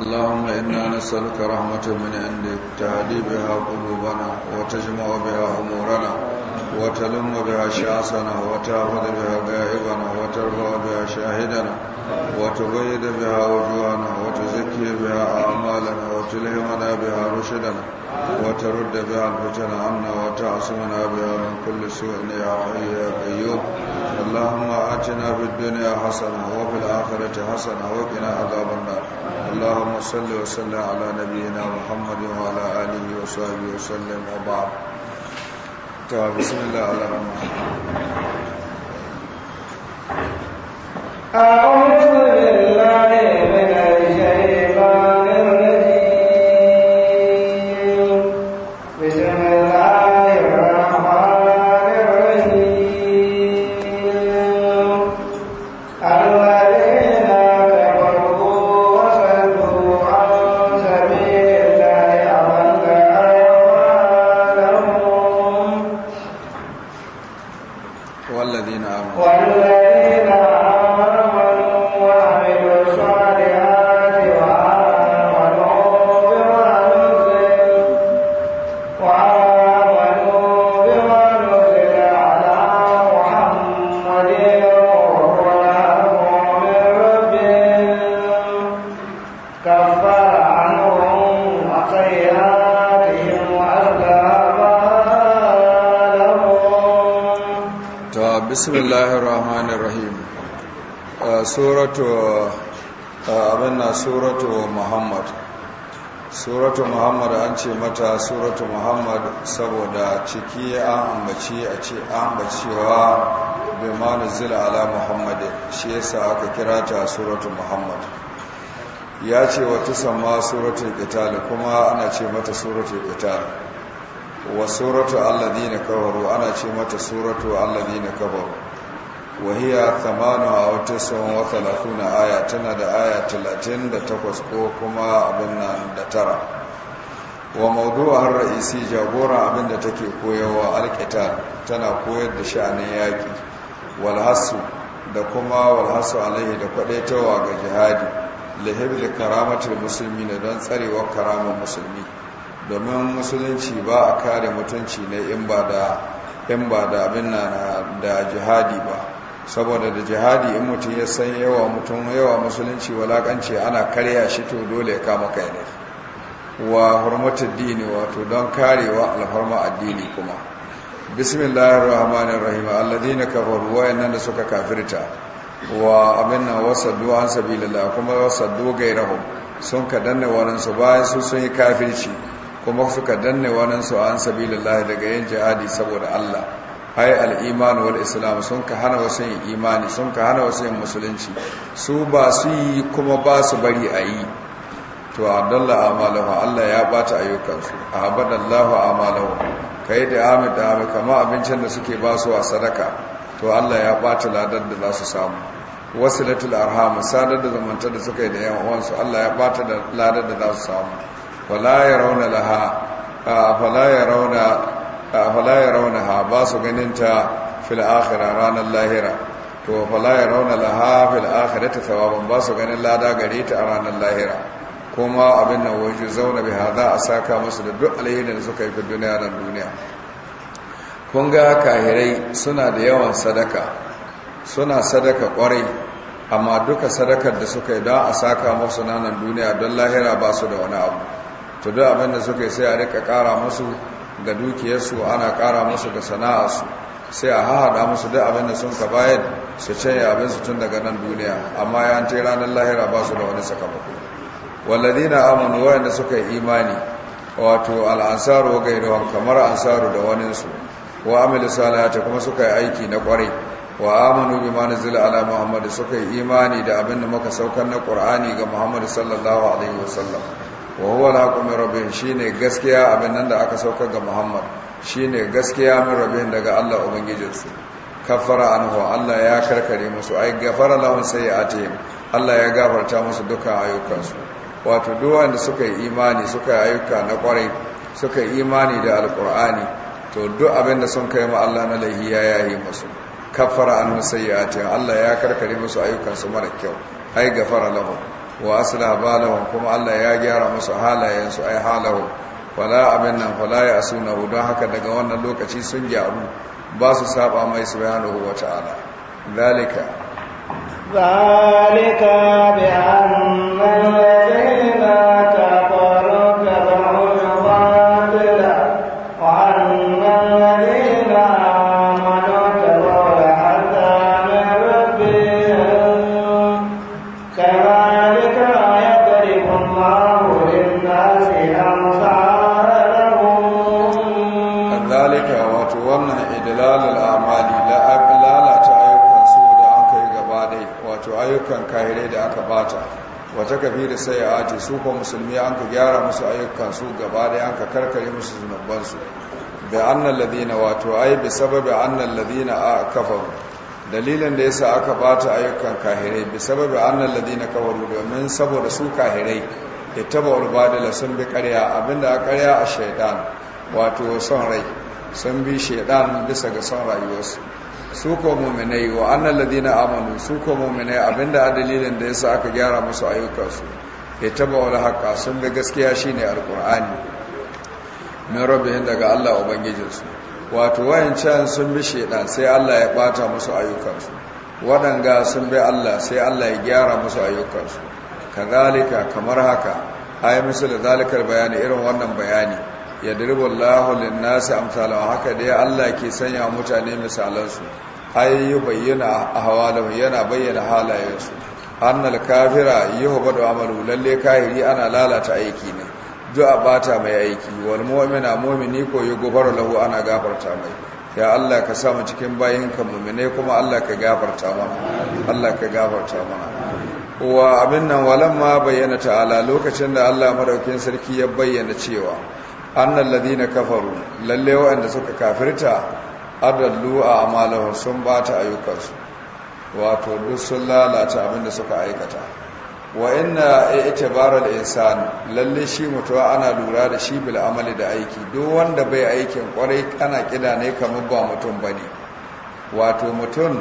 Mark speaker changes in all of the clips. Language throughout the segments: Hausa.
Speaker 1: اللهم إنا نسألك رحمة من عندك تهدي بها قلوبنا وتجمع بها أمورنا وتلم بها شعصنا وتأخذ بها غائبنا وترفع بها شاهدنا وتبيد بها وجوهنا وتزكي بها أعمالنا وتلهمنا بها رشدنا وترد بها الفتن عنا وتعصمنا بها من كل سوء يا حي يا قيوم اللهم آتنا في الدنيا حسنة وفي الآخرة حسنة وقنا عذاب النار اللهم صل وسلم على نبينا محمد وعلى آله وصحبه وسلم وبعد بسم الله الرحمن الرحيم
Speaker 2: أعوذ بالله bismillahi
Speaker 1: rahmanir rahim uh, suratu uh, abinna suratu muhammad suratu muhammad an ce mata suratu muhammad saboda ciki an ambaci a ce an bai ala muhammad shi yasa aka kira ta suratu muhammad ya ce wata sama suratu ƙitali kuma ana ce mata suratu qital wa suratu na Kabaru ana ce mata suratu na Kabaru. wa hiya a wata tis'un wata lafuna aya tana da aya 38 ko kuma abin nan da tara wa har ra'isi jagora abin da take koyarwa alqital tana koyar da sha'anin yaki wal da kuma wal hasu alaihi da tawa ga jihadi lihibli Musulmi muslimin don tsarewar karamar musulmi domin musulunci ba a kare mutunci ne in ba da abin da jihadi ba saboda da jihadi in mutum ya san yawa mutum yawa musulunci walakanci ana karya shi to dole ya kama kai ne wa hurmatar dini wato don karewa alfarma addini kuma bismillahir rahmanir rahim alladhina kafaru wa inna da suka kafirta wa wasa wasaddu an sabilillah kuma wasaddu gairahum sun kadanna waransu bayan su sun yi kafirci kuma suka danne waninsu an sabilillahi daga yin jihadi saboda Allah Hai al'iman wal islam sun ka hana wasu yin imani sun ka hana wasu yin musulunci su ba su yi kuma ba su bari a yi to abdallah amalahu Allah ya bata ayyukansu abadallahu amalahu kai da amid da amid kama abincin da suke ba su a sadaka to Allah ya bata ladar da za su samu wasilatul arham sadar da zamantar da suka yi da yan uwansu Allah ya bata ladar da za su samu fala ya rauna rauna ha ba su ganin ta fil akhira ranar lahira to fala ya rauna laha fil ta thawaban ba su ganin lada gari ta a ranar lahira kuma abin nan waje zauna bi hada a sa saka musu da duk alherin da suka yi fi duniya da duniya kun ga kahirai suna da yawan sadaka suna sadaka kwarai amma duka sadakar da suka yi don a saka musu nanan duniya don lahira ba su da wani abu to duk abin da suka yi sai a rika kara musu ga dukiyarsu ana kara musu ga sana'arsu sai a hahada musu duk abin da sun ka bayar su canye abin su tun daga nan duniya amma ya ce ranar lahira ba su da wani sakamako walladina amanu wayanda suka yi imani wato al'ansaru wa gairuwan kamar ansaru da waninsu wa amilu salihati kuma suka yi aiki na kwarai wa amanu bima nazila ala muhammad suka yi imani da abin da muka saukar na qur'ani ga muhammad sallallahu alaihi wasallam wa huwa alhaqu min rabbihim shine gaskiya abin nan da aka saukar ga Muhammad shine gaskiya min rabbihim daga Allah ubangijinsu kafara anhu Allah ya karkare musu ai gafara lahum sayi'atihim Allah ya gafarta musu dukkan ayyukansu wato duk wanda suka yi imani suka yi ayyuka na kwarai suka yi imani da alqur'ani to duk abin da sun kai ma Allah na lahiya ya yi musu kafara anhu sayi'atihim Allah ya karkare musu ayyukansu mara kyau ai gafara lahum wa asila balahum kuma Allah ya gyara musu halayensu ai halahum fala abin nan fala ya asuna don haka daga wannan lokaci sun gyaru ba su saba mai wata ala zalika
Speaker 2: zalika bi annal
Speaker 1: bata wata kafi da sai a ce su kuma musulmi an ka gyara musu su gaba da an ka karkare musu su da annan ladina wato ai bi sababi annan ladina a kafaru dalilin da yasa aka bata ayyukan kahirai bi sababi annan ladina kafaru domin saboda su kahirai ittaba'ul badala sun bi ƙarya abinda a ƙarya a shaidan wato son rai sun bi shaidan bisa ga son rayuwarsu su ko mu'minai wa annal ladina amanu su ko mu'minai abinda a dalilin da ya sa aka gyara musu ayyukansu taba wani haka sun bi gaskiya shi shine alkur'ani min rabbihim daga Allah ubangijinsu wato wayan wayancan sun bi shedan sai Allah ya bata musu ayyukansu waɗanga sun bi Allah sai Allah ya gyara musu ayyukansu kazalika kamar haka a yi musu da zalikar bayani irin wannan bayani ya dirba Allahu nasi amsalahu haka dai Allah ke sanya mutane misalansu ayyu bayyana ahwalahu yana bayyana halayensu annal kafira yuhbadu amalu lalle kahiri ana lalata aiki ne du'a bata mai aiki wal mu'mina mu'mini ko yughfaru lahu ana gafarta mai ya Allah ka sa mu cikin bayinka mu'mine kuma Allah ka gafarta mana Allah ka gafarta mana wa abin nan walamma bayyana ta'ala lokacin da Allah madaukin sarki ya bayyana cewa annal ladina kafaru lalle wa'anda suka kafirta adallu a amalahum sun bata ayyukansu wato duk sun lalata abinda suka aikata wa inna i'tibara al-insan lalle shi mutuwa ana lura da shi bil amali da aiki duk wanda bai aikin kwarai ana kida ne kamar ba mutum bane wato mutum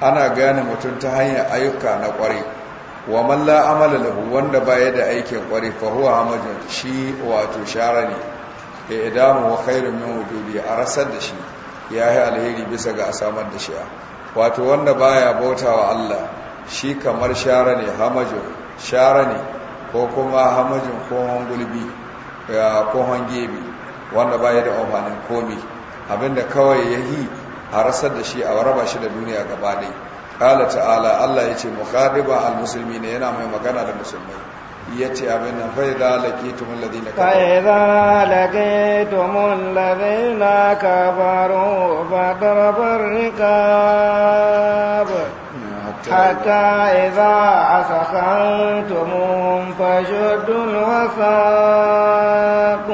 Speaker 1: ana gane mutum ta hanyar ayyuka na kwarai wa man la wanda baya da aikin kwarai fa huwa shi wato share ne ya idamu wa khairun min wujudi a rasar da shi ya yi alheri bisa ga asamar da shi wato wanda baya bautawa Allah shi kamar shara ne hamajin shara ne ko kuma hamajin kohon gulbi kohon gebe wanda baya da amfanin komi abinda kawai ya yi a rasar da shi a raba shi da duniya gaba ɗaya ta'ala Allah ya ce mukhadiba al-musulmi ne yana mai magana da musulmai ya ce abin nan fai za laƙi tumun ladina kafaru
Speaker 2: fai za laƙi tumun ladina kafaru ba tarafar rikab حتى إذا أسخنتموهم فشدوا الوثاق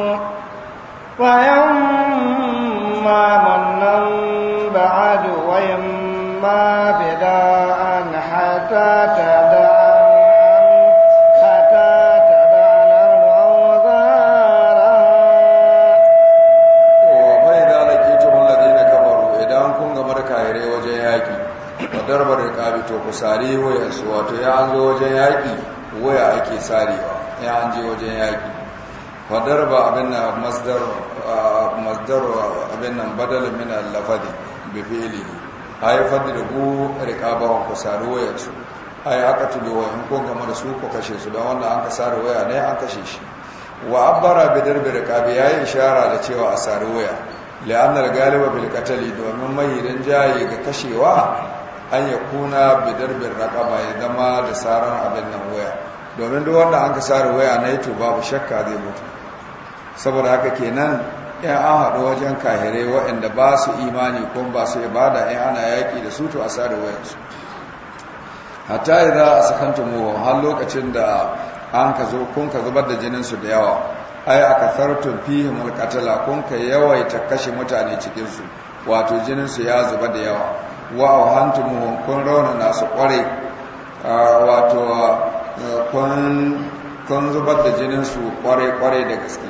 Speaker 2: وإما منا بعد وإما بداء حتى ta.
Speaker 1: to ku sare wayansu wato ya an zo wajen yaƙi waya ake sarewa ya an je wajen yaƙi fadar ba abin nan masdar abin nan badalin min allafadi bi fi'li haifar da ku riqaba ku sare wayansu ai aka tudu wa wayan ko gama da su ko kashe su don wanda an ka sare waya ne an kashe shi wa abbara bi darbi riqabi yayi ishara da cewa a sare waya la'annar galiba bil qatali domin mai rinjaye ga kashewa
Speaker 2: an ya kuna bidirbin raƙaba ya zama da tsaron abin nan waya domin duk wanda an
Speaker 1: ka tsari waya na yato babu shakka zai mutu saboda haka kenan yan an haɗu wajen kahire waɗanda ba su imani ko ba su ibada in ana yaƙi da su to a tsara su hatta za a sakanta muwa har lokacin da an ka zo kun ka zubar da jininsu da yawa ai a kasar fihim alƙatala kun ka yawaita kashe mutane cikinsu wato jinin su ya zuba da yawa wa mu kun rauna nasu kware wato kun zubar da jinin su kware-kware da gaske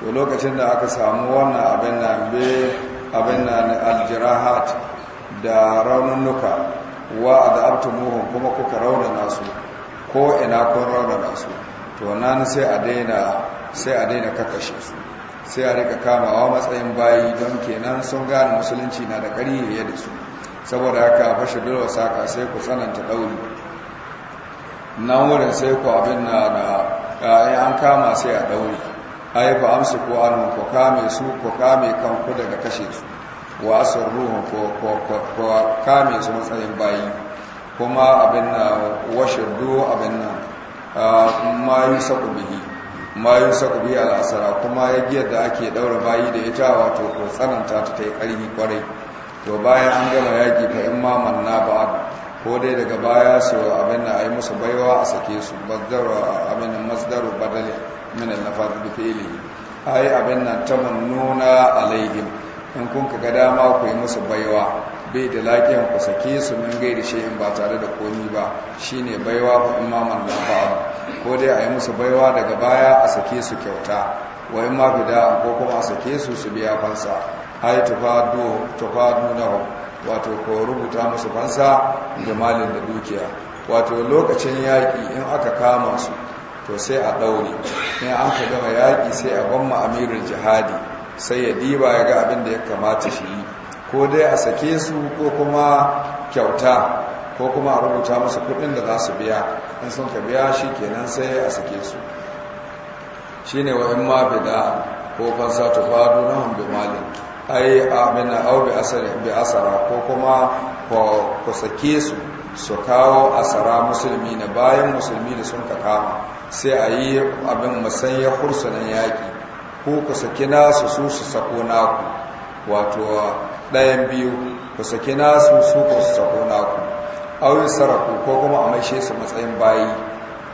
Speaker 1: to lokacin da aka samu wannan abin na be abin na aljirahat da raununuka wa da abtumuhum kuma kuka rauna nasu ko ina kun rauna nasu to nan sai a daina sai a daina kakashe su sai a rika kamawa matsayin bayi don kenan sun gane musulunci na da ƙari da su saboda haka a fashe bilwa saka sai ku tsananta ɗauri nan wurin sai ku abin na da ƙayi an kama sai a ɗauri yi ba amsu ko an ko kame su ko kame kanku daga kashe su wa asar ruhun ko kame su matsayin bayi kuma abin na washe do abin na mayu saku bihi mayu saku bihi al'asara kuma ya giyar da ake ɗaura bayi da ta wato ko tsananta ta ta yi ƙarfi ƙwarai to bayan an gama yaki fa in maman na ba ko dai daga baya su abin da a yi musu baiwa a sake su bazdaru abin masdaru badali min al-nafad bi fi'li ai abin nan tamannuna alaihim in kun ka ga dama ku yi musu baiwa bai da laƙiyan ku sake su min gai da shayin ba tare da komi ba shine baiwa ko imaman lafa'a ko dai a yi musu baiwa daga baya a sake su kyauta wa in ma fida ko kuma a sake su su biya fansa ai tufadu tufadu na wato ko rubuta musu fansa da malin da dukiya wato lokacin yaƙi in aka kama su to sai a ɗaure in an ka gama yaƙi sai a ban amirin jihadi sai ya diba ya ga abin da ya kamata shi ko dai a sake su ko kuma kyauta ko kuma a rubuta musu kuɗin da za su biya in sun ka biya shi kenan sai a sake su shi ne wa'in mafi da ko fansa tufadu na hambe malinki ai Amina au bi asara ko kuma ko sake su su kawo asara musulmi na bayan musulmi da sun ka kama sai a yi abin musanya hursunan yaƙi ko ku sake nasu su su sako naku wato ɗayan biyu ku sake nasu su ku su sako naku auyin sarrafu ko kuma a maishe su matsayin bayi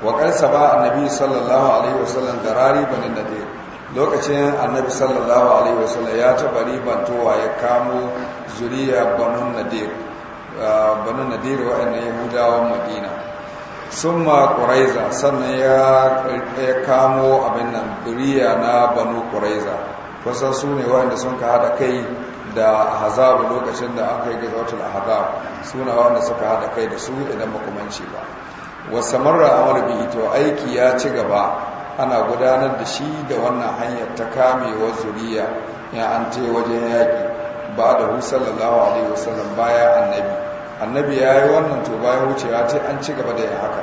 Speaker 1: wa ƙarsa ba annabi sallallahu alaihi wasallam da rari banin dai lokacin annabi sallallahu alaihi wasallam ya taba towa ya kamo zuriya banu nadir banun nadir wa'annan yahudawan madina summa quraiza sannan ya kamo abin nan zuriya na banu quraiza kusan su ne wa'anda sun ka hada kai da hazabu lokacin da aka yi gazawatul ahzab suna wa'anda suka hada kai da su idan makamanci ba wasamarra amr bihi to aiki ya ci gaba ana gudanar da shi da wannan hanyar ta kamewar zuriya ya an ce wajen yaƙi ba da hu sallallahu alaihi wasallam baya annabi annabi ya yi wannan to bayan wucewa ce an ci gaba da yin haka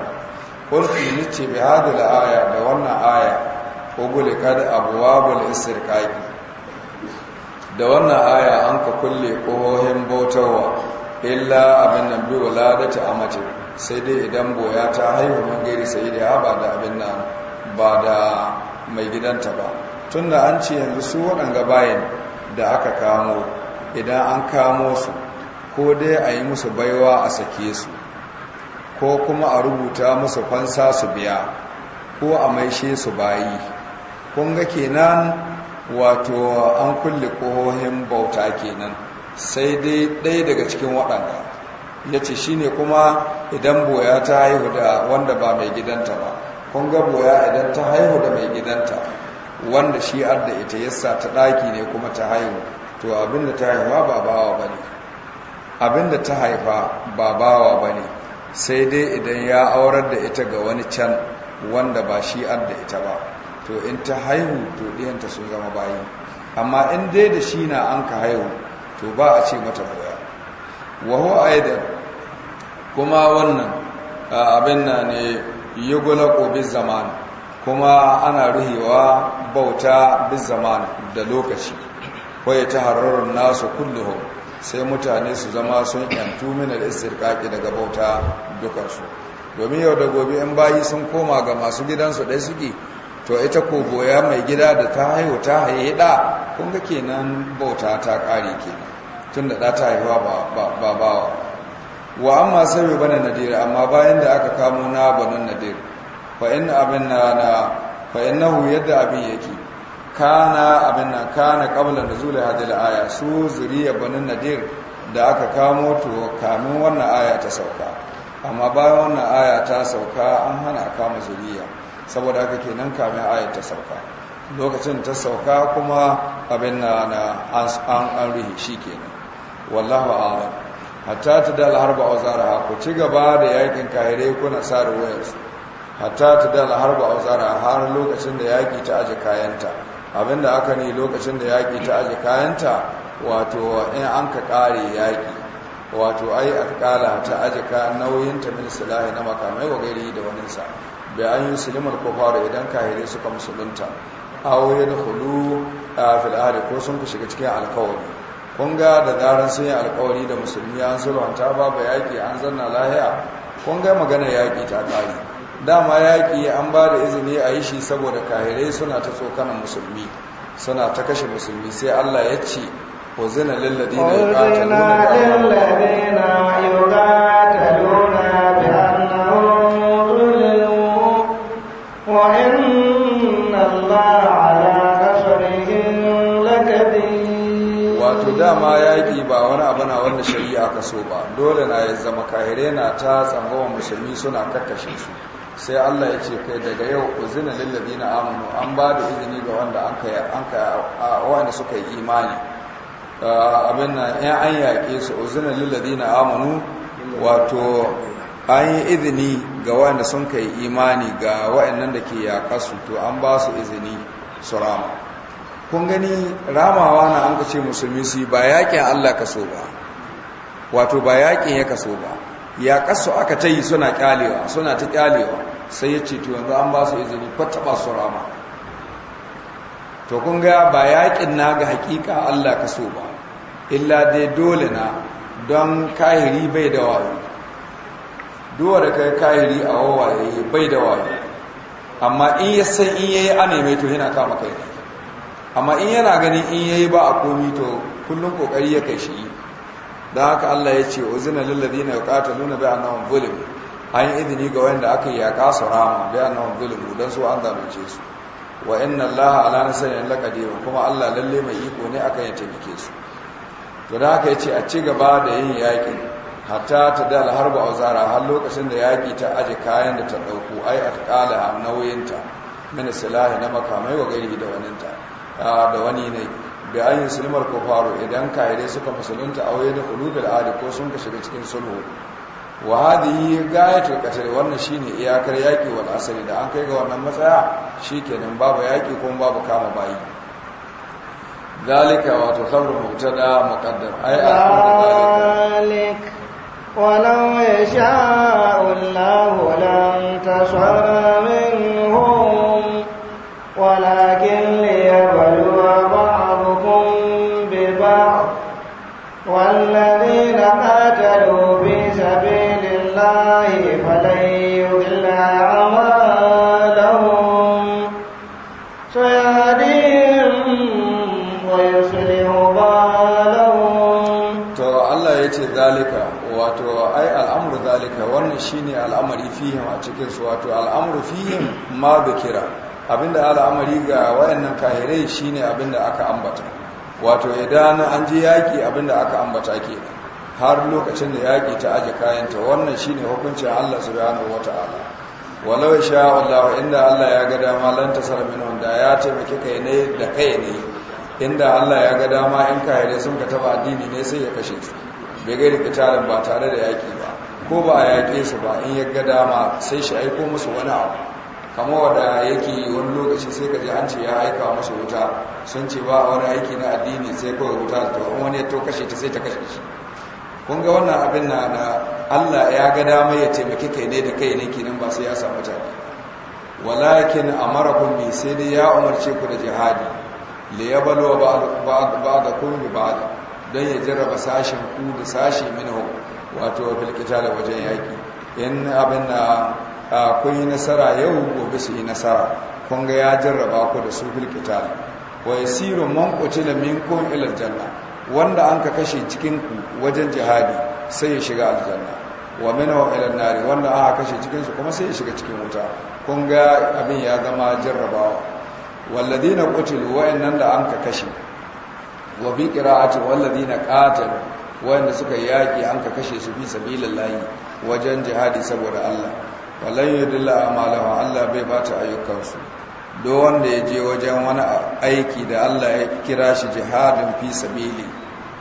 Speaker 1: ƙulfi ni ce bi hada da aya da wannan aya ugule kada abuwa kaƙi da wannan aya an ka kulle ƙohohin bautarwa illa abin nan biyu ladata a mace sai dai idan boya ta haihu mun gairi sai da ya da abin nan ba da mai gidanta ba tunda an ce yanzu su waɗanga bayan da aka kamo idan an kamo su ko dai a yi musu baiwa a sake su ko kuma a rubuta musu fansa su biya ko a maishe su bayi kunga kenan wato an kulle kohohin bauta kenan sai dai ɗaya daga cikin waɗanda ya ce shi ne kuma idan boya ta haihu da wanda ba mai gidanta ba kun boya idan ta haihu da mai gidanta wanda shi adda ita yasa ta daki ne kuma ta haihu to abinda ta haifa ba bawa bane abinda ta haifa ba bawa bane sai dai idan ya aurar da ita ga wani can wanda ba shi adda ita ba to in ta haihu to ɗiyanta sun zama bayi amma in dai da shi na an ka haihu to ba a ce mata boya wahu aidan kuma wannan abin na ne yi gula ƙobin zamani kuma ana ruhewa bauta bin zamani da lokaci kwaye ta hararar nasu kulluhun sai mutane su zama sun yantu minar istirkaki daga bauta dukansu domin yau da gobe in bayi sun koma ga masu gidansu ɗai suke to ita ko goya mai gida da ta haihu ta haihu ɗa kun ga kenan bauta ta ƙare ke tun da ɗata ta haihuwa ba ba wa amma sai bana nadir amma bayan da aka kamo na banan nadir fa inna abin na na fa innahu yadda abin yake kana abin na kana qabla nuzul hadhihi aya su zuriya banan nadir da aka kamo to kamin wannan aya ta sauka amma bayan wannan aya ta sauka an hana kama zuriya saboda haka kenan kamin aya ta sauka lokacin ta sauka kuma abin na an an rihi shikenan wallahu a'lam hatta ta dal harba auzara ku ci gaba da yakin kahire kuna sare wayarsu
Speaker 2: hatta ta dal harba auzara har lokacin da yaki ta aje kayanta abinda aka ne lokacin da yaki ta aje kayanta wato in an ka kare yaki wato ai kala ta aje ka nauyin ta min silahi na makamai wa gairi da wani sa bai an yi sulimar kofar
Speaker 1: idan kahire suka musulunta awo ya da hulu a fil'ari ko sun ku shiga cikin alkawari kunga da daren sun yi alkawari da musulmi an sulwanta babu yaƙi an zanna lahiya kunga magana yaƙi ta ƙari dama yaƙi an ba da izini a yi shi saboda kahirai suna ta tsokanan musulmi suna ta kashe musulmi sai allah ya ce ko zina lillabi na yi ƙata
Speaker 2: dama yaƙi ba wani
Speaker 1: abu na wanda shari'a ka so ba dole na ya zama kahire na ta tsangawa musulmi suna kakkashe su sai Allah ya ce kai daga yau uzina lillabi na amunu an ba da izini ga wanda an wanda suka yi imani
Speaker 2: abin na yan an yaƙe su uzina lillabi na amunu wato an yi izini
Speaker 1: ga wanda sun kai imani ga wa'annan da ke yaƙa su to an ba su izini su rama kun gani ramawa na an kace musulmi su ba Allah kaso ba wato ba yaƙin ya kaso ba ya kaso aka ta suna ƙyalewa suna ta kyalewa sai ya ce to yanzu an ba su izini kwattaɓa su rama to kun ga ba yaƙin na ga haƙiƙa Allah kaso ba illa dai dole na don kahiri bai da wayo duwa da kai kahiri a wawaye bai da wayo amma in ya san in yayi ana mai to yana kama kai amma in yana ganin in yayi ba a komi to kullum kokari ya kai shi da haka Allah ya ce uzina lil ladina yuqataluna bi annahum zulimu an izini ga wanda aka yaka su rama bi annahum zulimu dan su an zalunce su wa inna Allah ala nasrin laqadir kuma Allah lalle mai iko ne akan ya taimake su
Speaker 2: to da haka ya ce a ci gaba da yin yaki hatta ta da harba auzara har lokacin da yaki ta aje kayan da ta dauko ai atqala nauyinta min silahi na makamai wa gairi da waninta da wani ne bi ayin sulmar
Speaker 1: kufaru idan kaidai suka musulunta a da hulubil ko sun ka shiga cikin sulhu wa hadhihi gayatul qatl wannan shine iyakar yaki wal asali da an kai ga wannan matsaya shikenan babu yaki ko babu kama bayi ذلك وتخبر مبتدا مقدر اي
Speaker 2: ذلك ولو يشاء الله لم تشعر منهم ولكن
Speaker 1: ai al’amuru zalika wannan shi ne al'amari fihim a cikin su wato al’amuru fihim ma bikira abinda al'amari ga wayannan kahirai shi ne abinda aka ambata wato idan an ji yaki abinda aka ambata ke har lokacin da yaki ta aje kayanta wannan shi ne hukuncin Allah subhanahu wataala walau sha Allah inda Allah ya ga dama lan tasar minhum wanda ya taimaki kai ne da kai ne inda Allah ya ga dama in kahirai sun ka taba addini ne sai ya kashe su bai da kitalin ba tare da yaƙi ba ko ba a yaƙe su ba in ya ga dama sai shi aiko musu wani abu kama wada yake wani lokaci sai ka ji an ce ya aika musu wuta sun ce ba wani aiki na addini sai kawai wuta ta in wani ya to kashe ta sai ta kashe shi kun ga wannan abin na na Allah ya ga dama ya taimaki kai ne da kai ne nan ba sai ya samu ta walakin mara bi sai dai ya umarce ku da jihadi li ga ba'dakum bi ba'd don ya jarraba sashen ku da sashe minhu wato filkita da wajen yaƙi in abin da kun yi nasara yau gobe su yi nasara kun ga ya jarraba ku da su filkita wa siro man qutila minkum ila janna wanda an ka kashe cikin ku wajen jihadi sai ya shiga aljanna wa minhu ila nari wanda aka kashe cikin su kuma sai ya shiga cikin wuta kun ga abin ya zama jarrabawa walladina qutilu wa'annan da an ka kashe wa bi qira'ati walladina qatalu wanda suka yaki an ka kashe su fi sabilillahi wajen jihadi saboda Allah walan yudilla amalahu Allah bai bata ayyukansu
Speaker 2: do wanda ya je wajen wani aiki da Allah ya kira shi jihadin fi sabili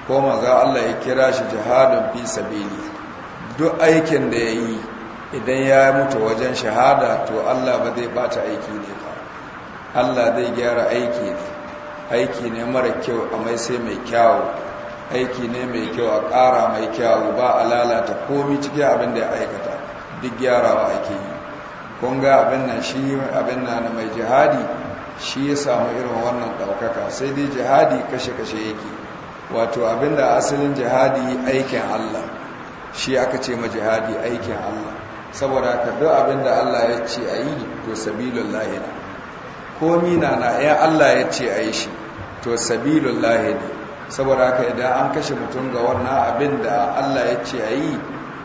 Speaker 1: ko maza Allah ya kira shi jihadin fi sabili duk aikin da yayi idan ya mutu wajen shahada to Allah ba zai bata aiki ne ba Allah zai gyara aiki ne aiki ne mara kyau a mai sai mai kyawu aiki ne mai kyau a ƙara mai kyawu ba a lalata komi cikin abin da ya aikata duk gyarawa ake yi kun ga abin nan shi abin nan mai jihadi shi ya samu irin wannan ɗaukaka sai dai jihadi kashe-kashe yake wato abin da asalin jihadi aikin allah shi aka ce ma jihadi aikin allah saboda ka duk abin da allah ya ce a yi to sabilun lahina komi na na ya Allah ya ce a yi shi to sabilun lahidi saboda haka idan an kashe mutum ga wannan abin da Allah ya ce a yi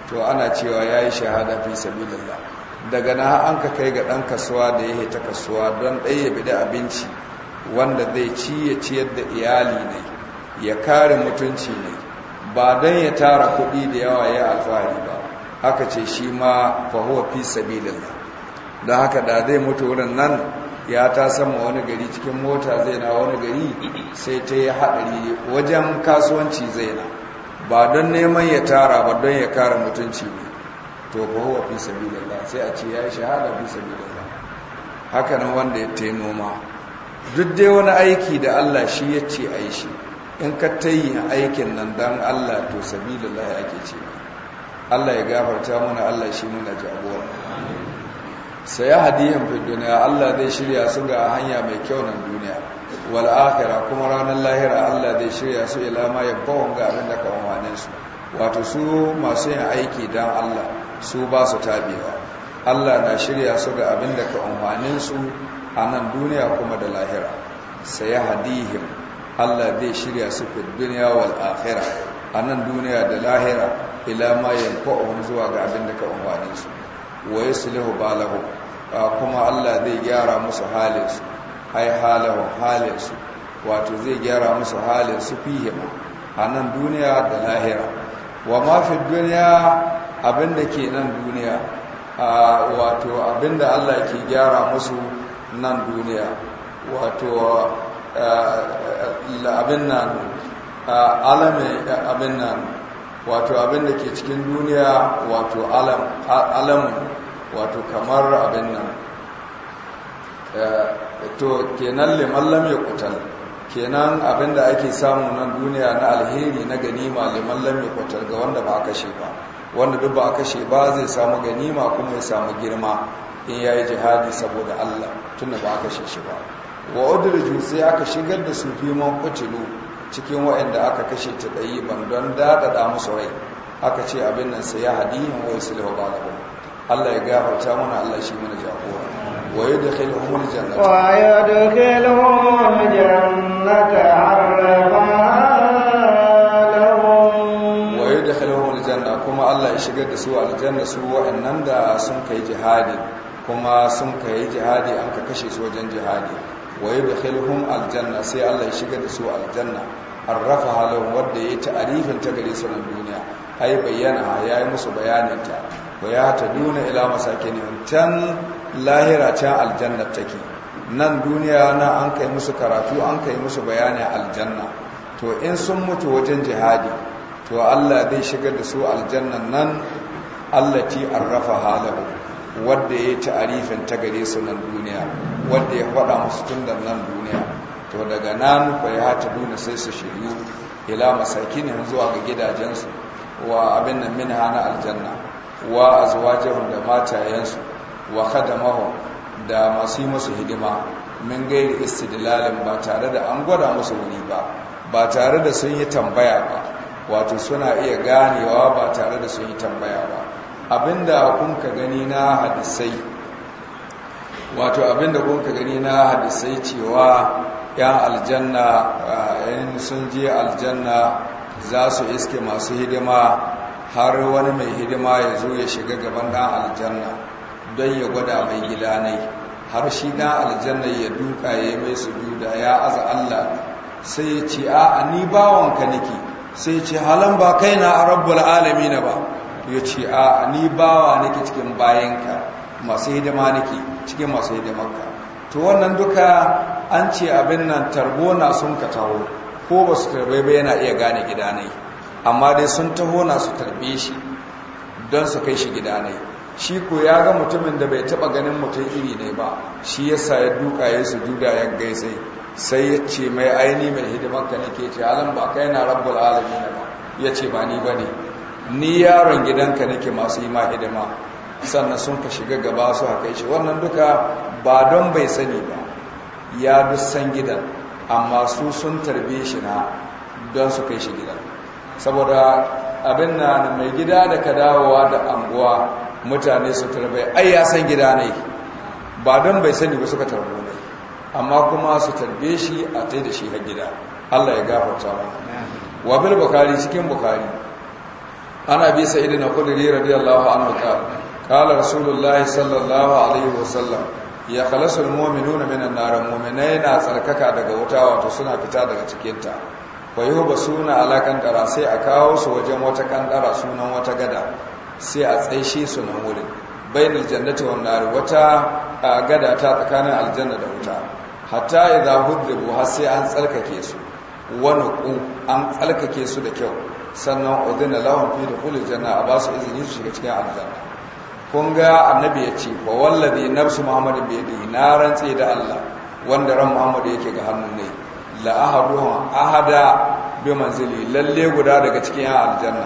Speaker 1: to ana cewa ya yi shahada fi sabilun daga na an ka kai ga ɗan kasuwa da ya ta kasuwa don ɗaya ya bida abinci wanda zai ci ya ciyar da iyali ne ya kare mutunci ne ba don ya tara kuɗi da yawa ya alfahari ba haka ce shi ma fahuwa fi sabilin don haka da zai mutu wurin nan ya ta sama wani gari cikin mota zai na wani gari sai ta yi haɗari wajen kasuwanci zai na ba don neman ya tara ba don ya kara mutunci ne to ba huwa fi sabilillah sai a ce ya yi shahada fi sabilillah haka nan wanda ya yi noma duk dai wani aiki da Allah shi ya ce a yi shi in ka ta yi aikin nan don Allah to ya ake ce Allah ya gafarta mana Allah shi muna jagora sai hadiyan fi duniya Allah zai shirya su ga hanya mai kyau nan duniya wal akhira kuma ranar lahira Allah zai shirya su ila ma yabawun ga abin da ka wani su wato su masu yin aiki dan Allah su ba su tabewa Allah na shirya su ga abin da ka wani su a nan duniya kuma da lahira sai hadihim Allah zai shirya su fi duniya wal akhira a nan duniya da lahira ila ma yanfa'uhum zuwa ga abin da ka wani su wa yuslihu balahum kuma Allah zai gyara musu halinsu ai halawa halinsu wato zai gyara musu halinsu fihima a nan duniya da lahira wa mafin duniya abinda ke nan duniya wato abinda Allah ke gyara musu nan duniya wato abin nan alamin abin nan wato abin da ke cikin duniya wato alam wato kamar abin nan eh, to kenan liman lam kutal, kenan abin da ake samu nan duniya na alheri na ganima liman lam kutal ga wanda ba a kashe ba wanda duk ba a kashe ba zai samu ganima kuma ya samu girma in yayi jihadi saboda Allah tunda ba a kashe shi ba wa udriju sai aka shigar da su man man cikin waɗanda aka kashe ta ɗayi ban don daɗaɗa musu rai aka ce abin nan sai ya hadihin wa da ba Allah ya gafarta mana Allah shi mana jagora wa yadkhiluhum aljanna wa yadkhiluhum aljannata aljanna kuma Allah ya shigar da su aljanna su wa'annan da sun kai jihadi kuma sun kai jihadi an ka kashe su wajen jihadi wa yadkhiluhum aljanna sai Allah ya shigar da su aljanna arrafa halahum wanda yayi ta'arifin ta gare su na duniya ai bayyana ya yi musu bayanin ta wa ya ta duna ila masakinihim can lahira can aljanna take nan duniya na an kai musu karatu an kai musu bayani aljanna to in sun mutu wajen jihadi to Allah zai shigar da su aljanna nan ti arrafa halahu wadda ya arifin ta gare su nan duniya wadda ya faɗa musu tun da nan duniya to daga nan fa ya ta duna sai su shiryu ila masakinin zuwa ga gidajensu wa abin nan minha na aljanna wa azwajahum da matayensu wa da masu yi musu hidima min gairi istidlalin ba tare da an gwada musu wuri ba ba tare da sun yi tambaya ba wato suna iya ganewa ba tare da sun yi tambaya ba abinda kun ka gani na hadisai wato abinda kun ka gani na hadisai cewa yan aljanna yan sun je aljanna za su iske masu hidima har wani mai hidima ya zo ya shiga gaban ɗan aljanna don ya gwada mai ne har shi ɗan aljanna ya duka ya yi mai su duda ya aza Allah sai ya ce a ni bawanka nake sai ya ce halan ba kaina a rabbul alami na ba ya ce a ni bawa nake cikin bayanka masu hidima nake cikin masu hidimarka to wannan duka an ce abin nan tarbona sun ka taho ko ba su tarbai ba yana iya gane gida gidanai amma dai sun taho na su tarbe shi don su kai shi gida ne shi ko ya ga mutumin da bai taba ganin mutum iri ne ba shi yasa ya duka ya su duda ya gaisai sai ya ce mai aini mai hidimar ka nake ce alam ba kai na rabbul alamin ba ya ce ba ni ne ni yaron gidanka nake masu yi ma hidima sannan sun ka shiga gaba su haka shi wannan duka ba don bai sani ba ya dusan gidan amma su sun tarbe shi na don su kai shi gidan saboda abin na mai gida da ka dawowa da anguwa mutane su tarbai ai ya san gida ne ba don bai sani ba suka tarbo ne amma kuma su tarbe shi a tai da shi har gida Allah ya gafarta mana wa bil bukhari cikin bukhari ana bi sa'id na radiyallahu anhu ka qala rasulullahi sallallahu alaihi wasallam ya khalasul mu'minuna minan nar mu'minai na tsarkaka daga wuta wato suna fita daga cikin ta wayo ba suna ala kankara sai a kawo su wajen wata kankara sunan wata gada sai a tsaishe su nan wurin bainal jannati wan wata gada ta tsakanin aljanna da wuta hatta idza hudribu har sai an tsarkake su wani ku an tsarkake su da kyau sannan udina lawan fi dukhulil janna a ba su izini su shiga cikin aljanna
Speaker 2: kun ga annabi ya ce wa wallazi nafsu muhammadin bi yadihi na rantse da Allah wanda ran Muhammadu yake ga hannu ne la ahaduhum ahada bi manzili lalle guda daga cikin yan aljanna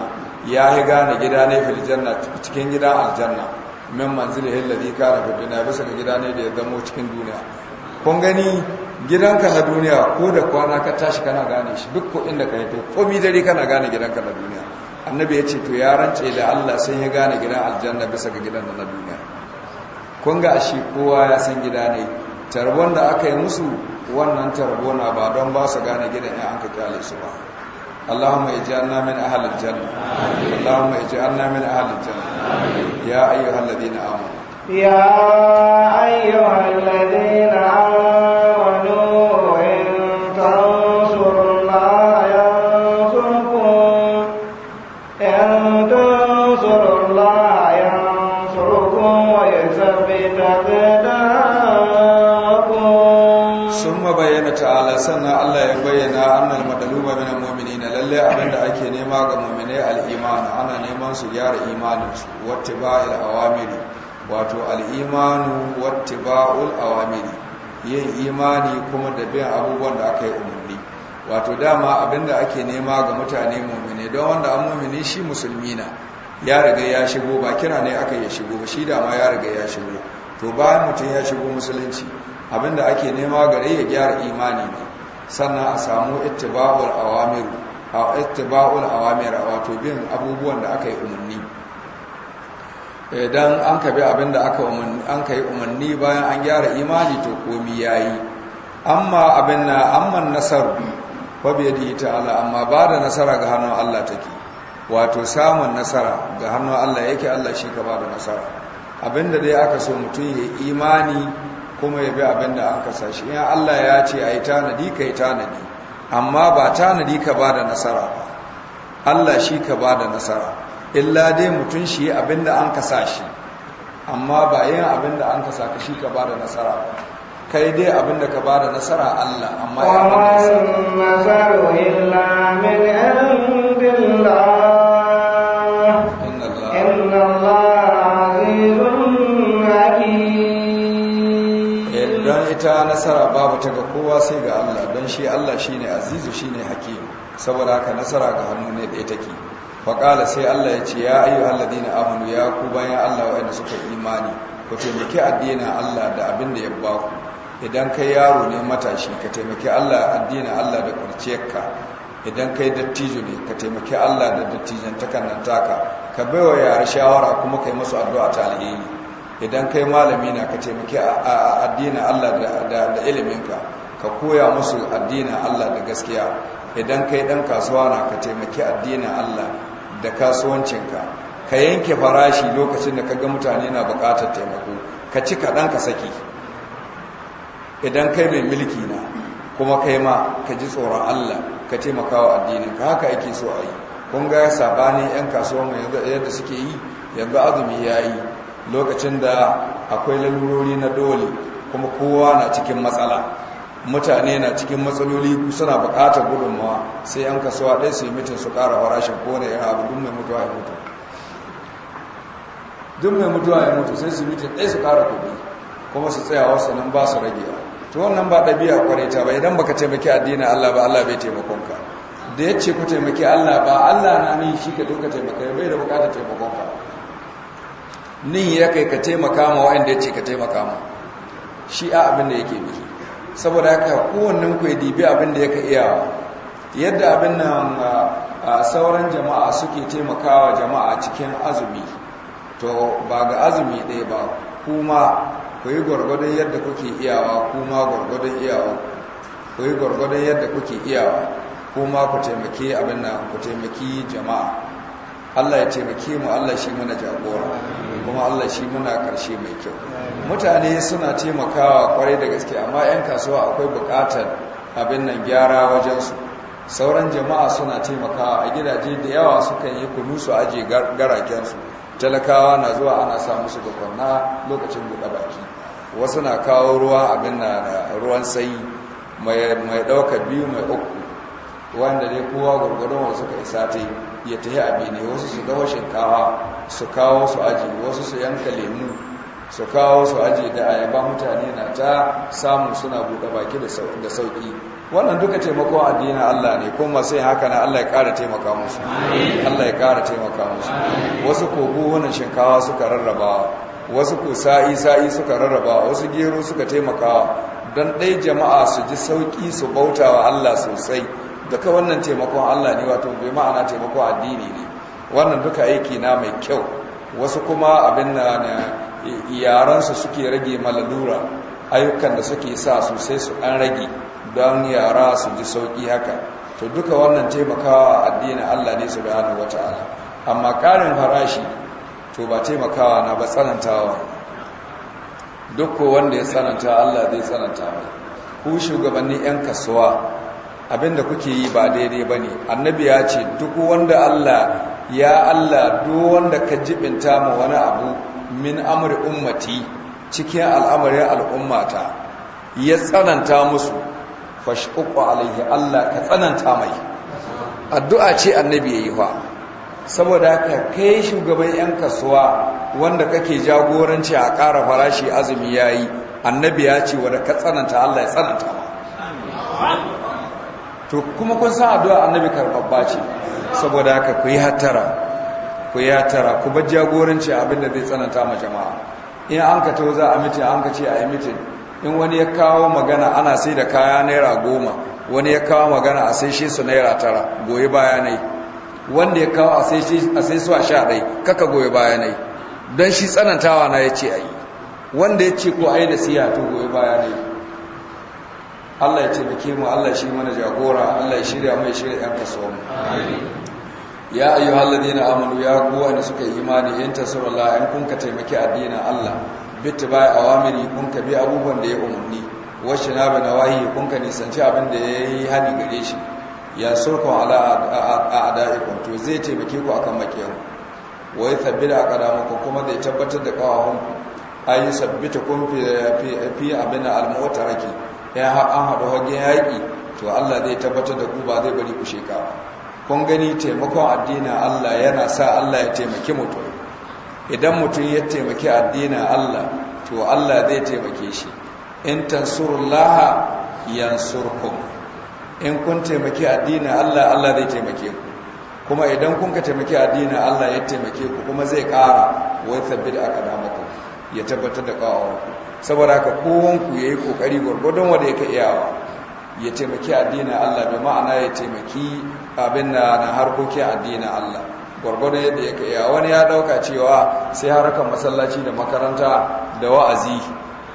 Speaker 2: ya yi gane gida ne fil janna
Speaker 1: cikin gidan aljanna min manzili alladhi kana fi dunya bisa ga gida ne da ya zamo cikin duniya kun gani gidanka na duniya ko da kwana ka tashi kana gane shi duk ko inda ka hito komi dare kana gane gidanka na duniya annabi ya ce to ya rance da Allah sai ya gane gidan aljanna bisa ga gidan na duniya kun ga shi kowa ya san gida ne tarbon da aka yi musu wannan tarbo na ba don ba su gane gidan ya an kaka su ba Allahumma ya ji an na min ahalin jan Allahumma ya ji an na min ahalin jan ya ayyuhan ladina amu
Speaker 2: ya ayyuhan ladina amu
Speaker 1: sannan Allah ya bayyana annal madaluma min almu'minina lalle abinda ake nema ga mu'minai al-iman ana neman su gyara imanin su wattiba'il awamiri wato al-imanu wattiba'ul awamiri yin imani kuma da bin abubuwan da aka yi umarni wato dama abinda ake nema ga mutane mu'mini don wanda an mu'mini shi musulmi na ya riga ya shigo ba kira ne aka ya shigo ba shi dama ya riga ya shigo to bayan mutum ya shigo musulunci abinda ake nema gare ya gyara imani ne sannan a samu ittiba'ul awamir a ittiba'ul awamir wato bin abubuwan da aka yi umarni idan an ka bi abin da aka an ka yi umarni bayan an gyara imani to komi yayi amma abin na amma nasar fa bi yadi ta'ala amma ba da nasara ga hannun Allah take wato samun nasara ga hannun Allah yake Allah shi ka ba da nasara abinda dai aka so mutum ya imani kuma ya bi abin da an kasa shi in Allah ya ce a yi tanadi ka yi tanadi amma ba tanadi ka ba da nasara ba Allah shi ka ba da nasara illa dai mutum shi abin da an kasa shi amma ba yin abin da an kasa ka shi ka ba da nasara ba kai dai abin da ka ba da nasara Allah amma ya ba da nasara ita nasara babu ta ga kowa sai ga Allah don shi Allah shi ne azizu shi ne hakim saboda haka nasara ga hannu ne da ya take faƙala sai Allah ya ce ya Allah dina amunu ya ku bayan Allah wa'anda suka imani ku taimaki addinin Allah da abin da ya ba ku idan kai yaro ne matashi ka taimaki Allah addinin Allah da kurciyarka idan kai dattijo ne ka taimaki Allah da dattijan takannan taka ka bai wa yara shawara kuma kai masu addu'a ta alheri idan kai malami na ka taimaki addinin Allah da iliminka ka koya musu addinin Allah da gaskiya idan kai dan kasuwa na ka taimaki addinin Allah da kasuwancinka ka yanke farashi lokacin da ka ga mutane na bukatar taimako ka ci kaɗan ka saki idan kai mai mulki na kuma kai ma ka ji tsoron Allah ka taimaka wa addinin ka haka ake so a yi kun ga sabanin 'yan kasuwa mai yadda suke yi yanzu azumi ya yi lokacin da akwai lalurori na dole kuma kowa na cikin matsala mutane na cikin matsaloli suna bukatar gudunmawa sai yan kasuwa ɗai su yi mitin su ƙara farashin kowane yana abu duk mai mutuwa ya mutu duk mai mutuwa ya mutu sai su mitin ɗai su ƙara kuɗi kuma su tsaya wasu nan ba su ragewa to wannan ba ɗabi'a kwarai ta ba idan baka taimaki addinin allah ba allah bai taimakon ka da ya ce ku taimaki allah ba allah na ni shi ka duka taimakai bai da bukatar taimakon ka Nin ya kai ka taimaka ma wa'anda ya ce ka taimaka ma shi a abin da yake biki saboda haka kowannen ku ya dibi abin da yake iya yadda abin nan sauran jama'a suke taimakawa jama'a cikin azumi to ba ga azumi ɗaya ba kuma ku yi gwargwadon yadda kuke iyawa kuma gwargwadon iyawa ku yi gwargwadon yadda kuke iyawa kuma ku taimaki abin nan ku taimaki jama'a Allah ya taimake mu Allah shi mana jagora kuma Allah shi muna karshe mai kyau mutane suna taimakawa kwarai da gaske amma 'yan kasuwa akwai bukatar abin nan gyara wajensu sauran jama'a suna taimakawa a gidaje da yawa sukan yi kunu su aje garakensu talakawa na zuwa ana sa musu gwakwanna lokacin buɗe baki wasu na kawo ruwa abin na ruwan sayi mai ɗaukar biyu mai uku wanda dai kowa gurgurun wanda suka isa ta ya tahi abi ne wasu su dawa shinkawa su kawo su aji wasu su yanka lemu su kawo su aji da ayaba mutane na ta samu suna buɗe baki da sauƙi wannan duka taimakon addinin Allah ne kuma sai haka na Allah ya ƙara taimaka musu Allah ya ƙara taimaka musu wasu kogunan shinkawa suka rarraba wasu ko sa'i sa'i suka rarraba wasu gero suka taimaka don ɗai jama'a su ji sauƙi su bauta wa Allah sosai duka wannan taimakon Allah ne wato bai ma'ana taimako addini ne wannan duka aiki na mai kyau wasu kuma abin na yaransu suke rage malalura ayyukan da suke sa su sai su an rage don yara su ji sauki haka to duka wannan taimakawa a addinin Allah ne subhanahu wataala amma karin farashi to ba taimakawa na ba tsanantawa duk wanda ya tsananta Allah zai tsananta mai ku shugabanni 'yan kasuwa abinda kuke yi ba daidai ba ne annabi ya ce duk wanda allah ya allah duk wanda ka jibinta ma wani abu min amri ummati cikin al'amarin al'ummata ya tsananta musu fashi uku alaihi allah ka tsananta mai addu'a ce annabi ya yi fa saboda ka kai shugaban 'yan kasuwa wanda kake jagoranci a ƙara farashi azumi ya yi annabi ya ce wadda ka tsananta allah ya tsananta ma to kuma kun san addu'a annabi karbabba ce saboda haka ku yi hattara ku yi hattara ku bar jagoranci abin da zai tsananta ma jama'a in an ka to za a miti an ka ce a yi miti in wani ya kawo magana ana sai da kaya naira goma wani ya kawo magana a sai shi su naira tara goyi bayanai wanda ya kawo a sai su a sha ɗai kaka goyi bayanai don shi tsanantawa na ya ce a yi wanda ya ce ko a yi da siya to goyi bayanai Allah ya taimake mu Allah shi mana jagora Allah ya shirya mai shirya ɗan kasuwa mu
Speaker 2: ya halladi na amanu ya kowa da suka yi imani in tasarullah in kun ka taimaki addinin Allah bittibai awamiri
Speaker 1: kun ka bi abubuwan da ya umarni wasu na bi nawahi kun ka nisanci abin da ya yi hani gare shi ya surka ala a da'ikun to zai taimake ku akan makiyan
Speaker 2: wai sabbi da aka ko kuma da ya tabbatar da kawahunku ayi sabbita kun fi abin al raki. ya an haɗu hajjen yaƙi
Speaker 1: to Allah zai tabbatar da ku ba zai bari ku sheka kun gani taimakon addina Allah yana sa Allah ya taimaki mutum idan mutum ya taimaki addina Allah to Allah zai taimake shi in tansurullaha yansurkum in kun taimaki addina Allah Allah zai taimake ku kuma idan kun ka taimaki addina Allah ya taimake ku kuma zai ƙara wai da aka ya tabbatar da ƙawawarku saboda haka kowanku ya yi kokari gwargwadon wanda ya ka iyawa ya taimaki addinin Allah bi ma'ana ya taimaki abin da na harkoki addinin Allah gwargwadon yadda ya ka iyawa wani ya dauka cewa sai harkar masallaci da makaranta da wa'azi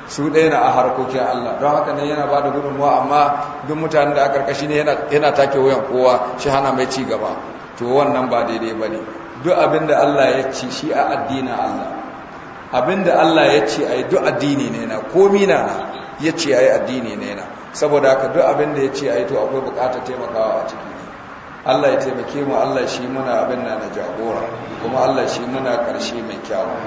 Speaker 1: su ɗaya na a harkokin Allah don haka ne yana ba da gudunmuwa amma duk mutanen da a ƙarƙashi ne yana take wuyan kowa shi hana mai ci gaba to wannan ba daidai ba ne duk abin da Allah ya ci shi a addinin Allah abinda Allah ya ce a yi duk addini ne na komi na ya ce a yi addini ne na saboda haka duk abinda ya ce a yi to akwai bukatar taimakawa a ciki ne Allah ya taimake mu Allah shi muna abin na jagora kuma Allah shi muna karshe mai kyawu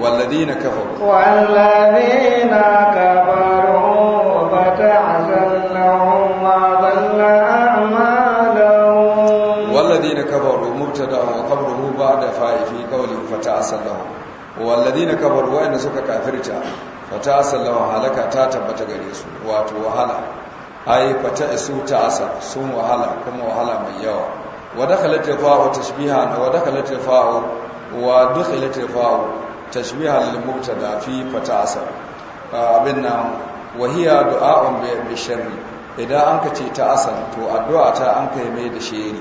Speaker 1: walladina kafaru
Speaker 2: walladina kafaru fata'azallahum ma dalla a'malahum walladina
Speaker 1: kafaru mubtada wa qabruhu ba'da fa'ifi qawli fata'azallahum walladina kafaru wa'anda suka kafirta fata asala halaka ta tabbata gare su wato wahala ai fata isu ta asa, sun wahala kuma wahala mai yawa wa dakhalat rifa'u tashbihan wa dakhalat rifa'u wa dakhalat rifa'u tashbihan lil mubtada fi fata asa. abin nan wahiya du'a'un bi sharri idan an ka ce ta asa, to addu'a ta an kai mai da shiri.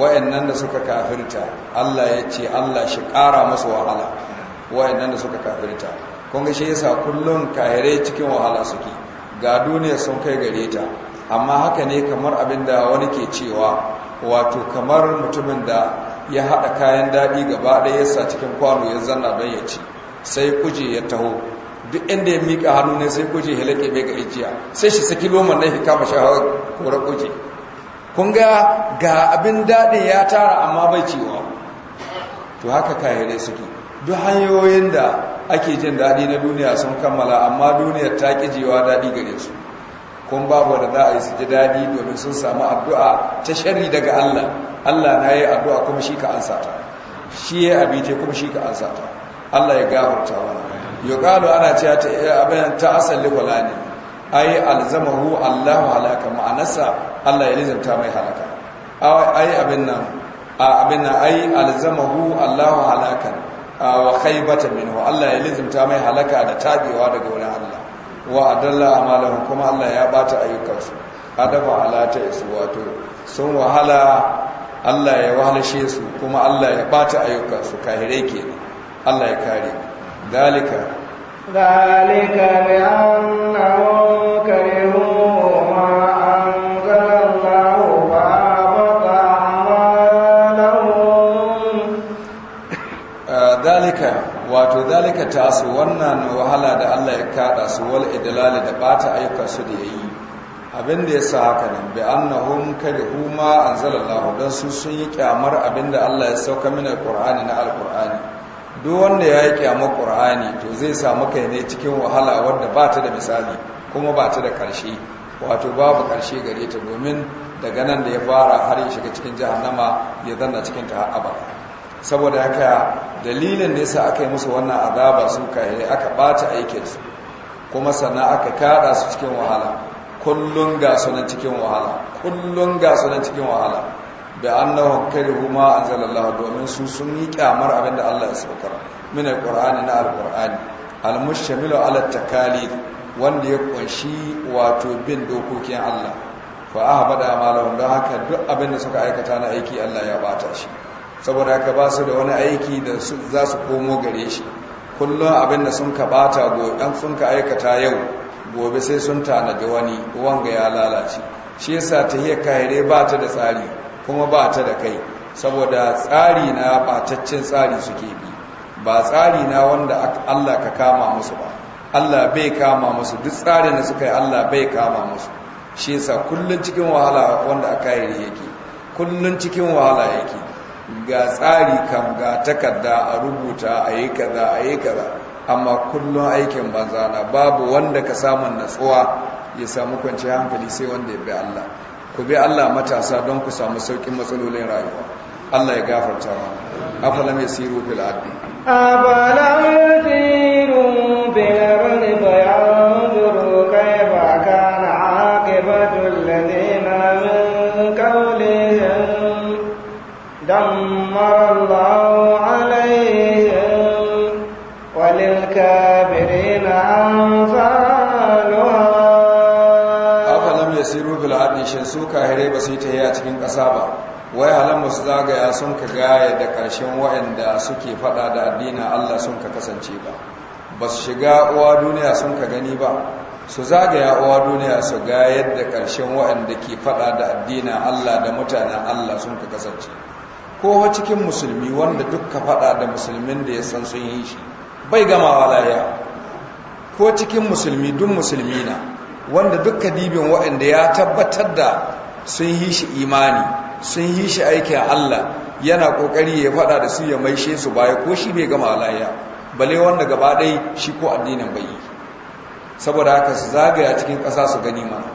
Speaker 1: wa'annan da suka kafirta Allah ya ce Allah shi kara musu wahala nan da suka kafirta kun ga shi yasa kullun kahirai cikin wahala suke ga duniya sun kai gare ta amma haka ne kamar abinda wani ke cewa wato kamar mutumin da ya hada kayan dadi gaba ɗaya yasa cikin kwano ya zanna don ya ci sai kuje ya taho duk inda ya mika hannu ne sai kuje ya lake bai ga ijiya sai shi saki loman nan hika kama shahawar kora kuje kun ga ga abin daɗi ya tara amma bai ciwa to haka kayarai suke duk hanyoyin da ake jin daɗi na duniya sun kammala amma duniyar ta ƙi jewa daɗi gare su kun babu da za a yi su ji daɗi domin sun samu addu'a ta shari daga Allah Allah na yi addu'a kuma shi ka ansa ta shi ya abice kuma shi ka ansa ta Allah ya gafarta yau yuqalu ana cewa ta eh, abin ta asali a ai alzamahu Allahu halaka ma'anarsa Allah ya lizanta mai halaka ai abin nan abin nan ai alzamahu Allahu halakan wa khaybata minhu Allah ya lizimta mai halaka da tabewa daga wurin Allah wa adalla amalahu kuma Allah ya bata ayyukansu adaba ala ta isu wato sun wahala Allah ya wahalshe su kuma Allah ya bata ayyukansu kahire ke Allah ya kare dalika
Speaker 2: dalika bi annahum
Speaker 1: zalika su wannan wahala da Allah ya kada su wal idlal da bata ayyukan su da yayi abin da yasa haka nan bi annahum karihu ma anzalallahu dan su sun yi kyamar abin da Allah ya sauka min alqur'ani na alqur'ani
Speaker 2: duk wanda ya yi kyamar qur'ani to zai samu kai ne cikin wahala wanda bata da misali kuma bata da karshe wato babu karshe gare ta domin daga nan da ya fara har ya shiga cikin jahannama
Speaker 1: ya zanna cikin ta abada saboda haka dalilin da yasa aka yi musu wannan azaba su kahirai aka bata aikinsu kuma sannan aka kada su cikin wahala kullun ga sunan cikin wahala kullun ga sunan cikin wahala da annahum karihu ma anzalallahu domin su sun yi kyamar abinda Allah ya saukar min alqur'ani na alqur'ani almushamilu ala takalif wanda ya ƙunshi wato bin dokokin Allah fa ahbada malamin, don haka duk abin da suka aikata na aiki Allah ya bata shi saboda ka ba su da wani aiki da za su komo gare shi kullum abin da sun ka bata gobe sun ka aikata yau gobe sai sun tanadi wani wanga ya lalace shi yasa tahiyar kahire ba ta da tsari kuma ba ta da kai saboda tsari na bataccen tsari suke bi ba tsari na wanda Allah ka kama musu ba Allah bai kama musu duk tsarin da suka yi Allah bai kama musu shi yasa kullun cikin wahala wanda aka yi yake kullun cikin wahala yake ga tsari kam ga takarda a rubuta a yi kaza a yi kaza amma kullum aikin banza na babu wanda ka samun natsuwa ya samu kwanci hankali sai wanda ya bi Allah ku bi Allah matasa don ku samu saukin matsalolin rayuwa Allah ya gafarta wa afalam yasiru fil ardi
Speaker 2: afalam yasiru bil ardi أمر الله عليهم وللكافرين أمثالها
Speaker 1: أفلم يسيروا في الأرض shin su kahirai ba su yi tahiya cikin ƙasa ba wai halamma su zagaya sun ka gaya da ƙarshen waɗanda suke faɗa da addinin Allah sun ka kasance ba ba su shiga uwa duniya sun ka gani ba su zagaya uwa duniya su gayar da ƙarshen waɗanda ke faɗa da addinin Allah da mutanen Allah sun ka kasance ko cikin musulmi wanda duka faɗa da musulmin da ya san sun yi shi bai gama walaya ko cikin musulmi duk musulmi na wanda dukka dibin waɗanda ya tabbatar da sun yi shi imani sun yi shi aikin Allah yana kokari ya faɗa da su ya maishe su baya ko shi bai gama laya bale wanda gaba ɗai shi ko addinin bai yi saboda haka su zagaya cikin ƙasa su gani mana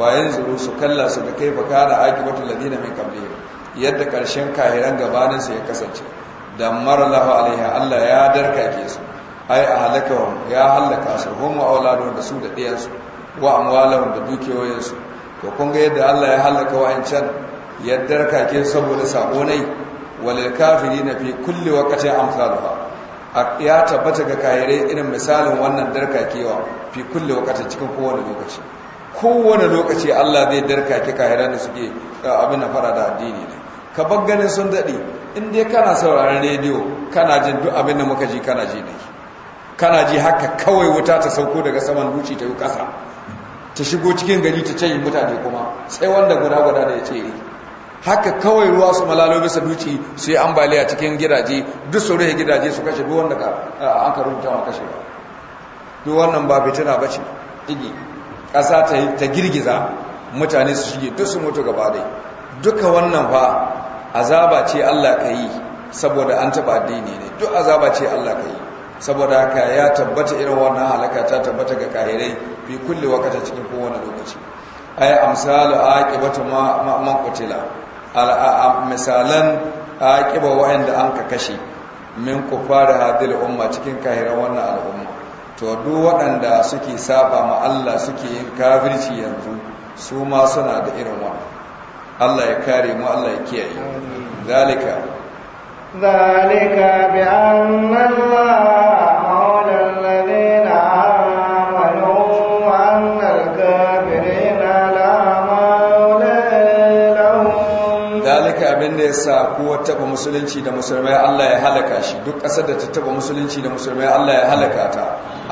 Speaker 2: bayan zuru su kalla su da kai baka da aiki wata ladina min kamfe
Speaker 1: yadda ƙarshen kahiran gabaninsa ya kasance da marallahu alaiha Allah ya darka ke su ai a halakawar ya halaka su homo auladun da su da ɗiyansu wa amwalahun da dukiyoyinsu to kun ga yadda Allah ya halaka wa'ancan ya ke saboda sabonai kafiri na fi kulli waqtin a ya tabbata ga kahirai irin misalin wannan darkakewa fi kulle wakata cikin kowane lokaci kowane lokaci Allah zai darka ke kahiran da suke eh, abin na fara da addini ne ka ganin sun daɗe in dai kana sauraron rediyo kana jin duk abin da muka ji kana ji ne kana ji haka kawai wuta ta sauko daga saman duci ta yi ƙasa ta shigo cikin gari ta canyi mutane kuma sai wanda guda-guda da ya ce haka kawai ruwa su malalo bisa duci su yi ambaliya cikin gidaje duk su rufe gidaje su kashe duk wanda eh, an ka rubuta ma kashe duk wannan ba fitina ba ce igi ƙasa ta girgiza mutane su shige duk su mutu gaba dai duka wannan fa azaba ce Allah ka yi saboda an taba addini ne duk azaba ce Allah ka yi saboda haka ya tabbata irin wannan halaka ta tabbata ga kahirai fi kulle wakata cikin kowane lokaci ay amsalu aqibatu ma man qutila misalan aqiba wa'anda an ka kashe min kufara hadil umma cikin kahirar wannan al'umma to duk waɗanda suke saba ma Allah suke yin kafirci yanzu su ma suna da irin wannan Allah ya kare mu Allah ya kiyaye zalika
Speaker 2: zalika bi anna Allah mawla alladhina amanu wa anna al-kafirina la mawla lahum zalika
Speaker 1: abinda yasa kowa taba musulunci da musulmai Allah ya halaka shi duk kasar da ta taba musulunci da musulmai Allah ya halaka ta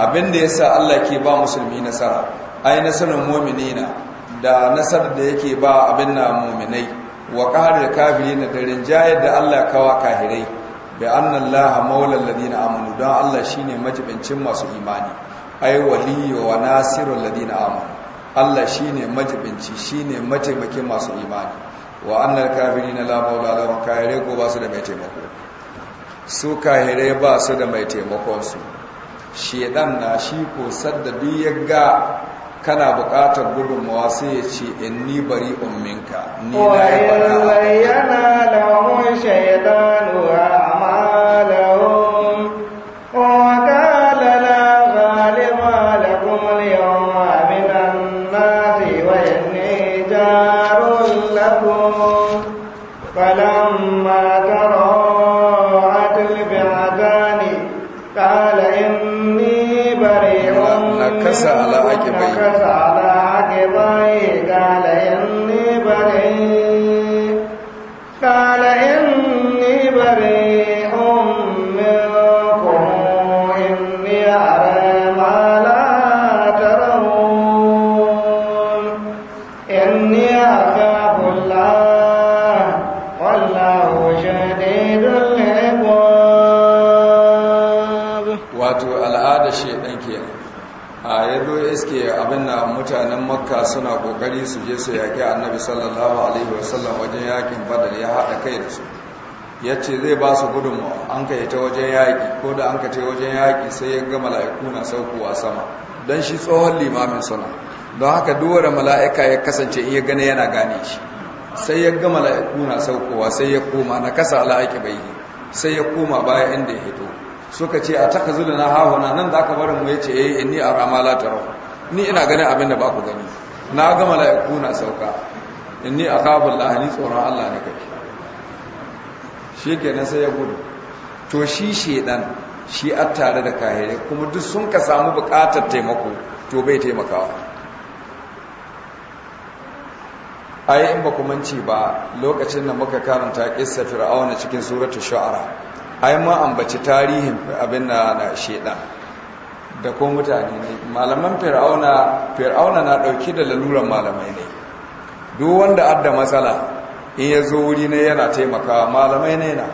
Speaker 1: abinda yasa Allah ke ba musulmi nasara ai nasarun mu'minina da nasar da yake ba abin na muminai wa ƙarar kafiri na darin jayar da Allah kawa kahirai bai annan laha maular ladina amanu don Allah shi ne majibincin masu imani ai waliyo wa nasirun ladina amanu Allah shi ne majibinci shi ne mataimakin masu imani wa annan kafiri na la maula lawan kahirai ko ba su da mai taimako su kahirai ba su da mai taimakonsu shedan na shi ko sadda duk ya ga kana buƙatar gudunmawa sai ya ce in ni bari umminka ni na
Speaker 2: yi shaidanuwa sa ala ake bayyana
Speaker 1: a ya iske abin na mutanen makka suna kokari su je su yaƙi annabi sallallahu alaihi wasallam wajen yaƙin badar ya haɗa kai da su ya ce zai ba su gudunmu an ka ta wajen yaƙi ko da an ka ce wajen yaƙi sai ya ga mala'iku na saukowa sama don shi tsohon limamin suna don haka duwara mala'ika ya kasance iya gane yana gane shi sai ya ga mala'iku na saukowa sai ya koma na kasa ala'aƙi bai sai ya koma baya inda ya hito suka ce a taka zulu na hahuna nan da aka barin mu ya ce eh inni a ramala ta ni ina ganin abin da ba ku gani na ga mala'iku na sauka inni a kabul ni tsoron allah na kai shi nan sai ya gudu to shi shedan shi a tare da kahire kuma duk sun ka samu bukatar taimako to bai taimakawa ai in ba ku manci ba lokacin da muka karanta kissa fir'auna cikin suratul shu'ara ai ma ambaci tarihin abin na na sheda da ko mutane ne malaman fir'auna fir'auna na dauki da laluran malamai ne duk wanda adda matsala in ya zo wuri ne yana taimakawa malamai ne na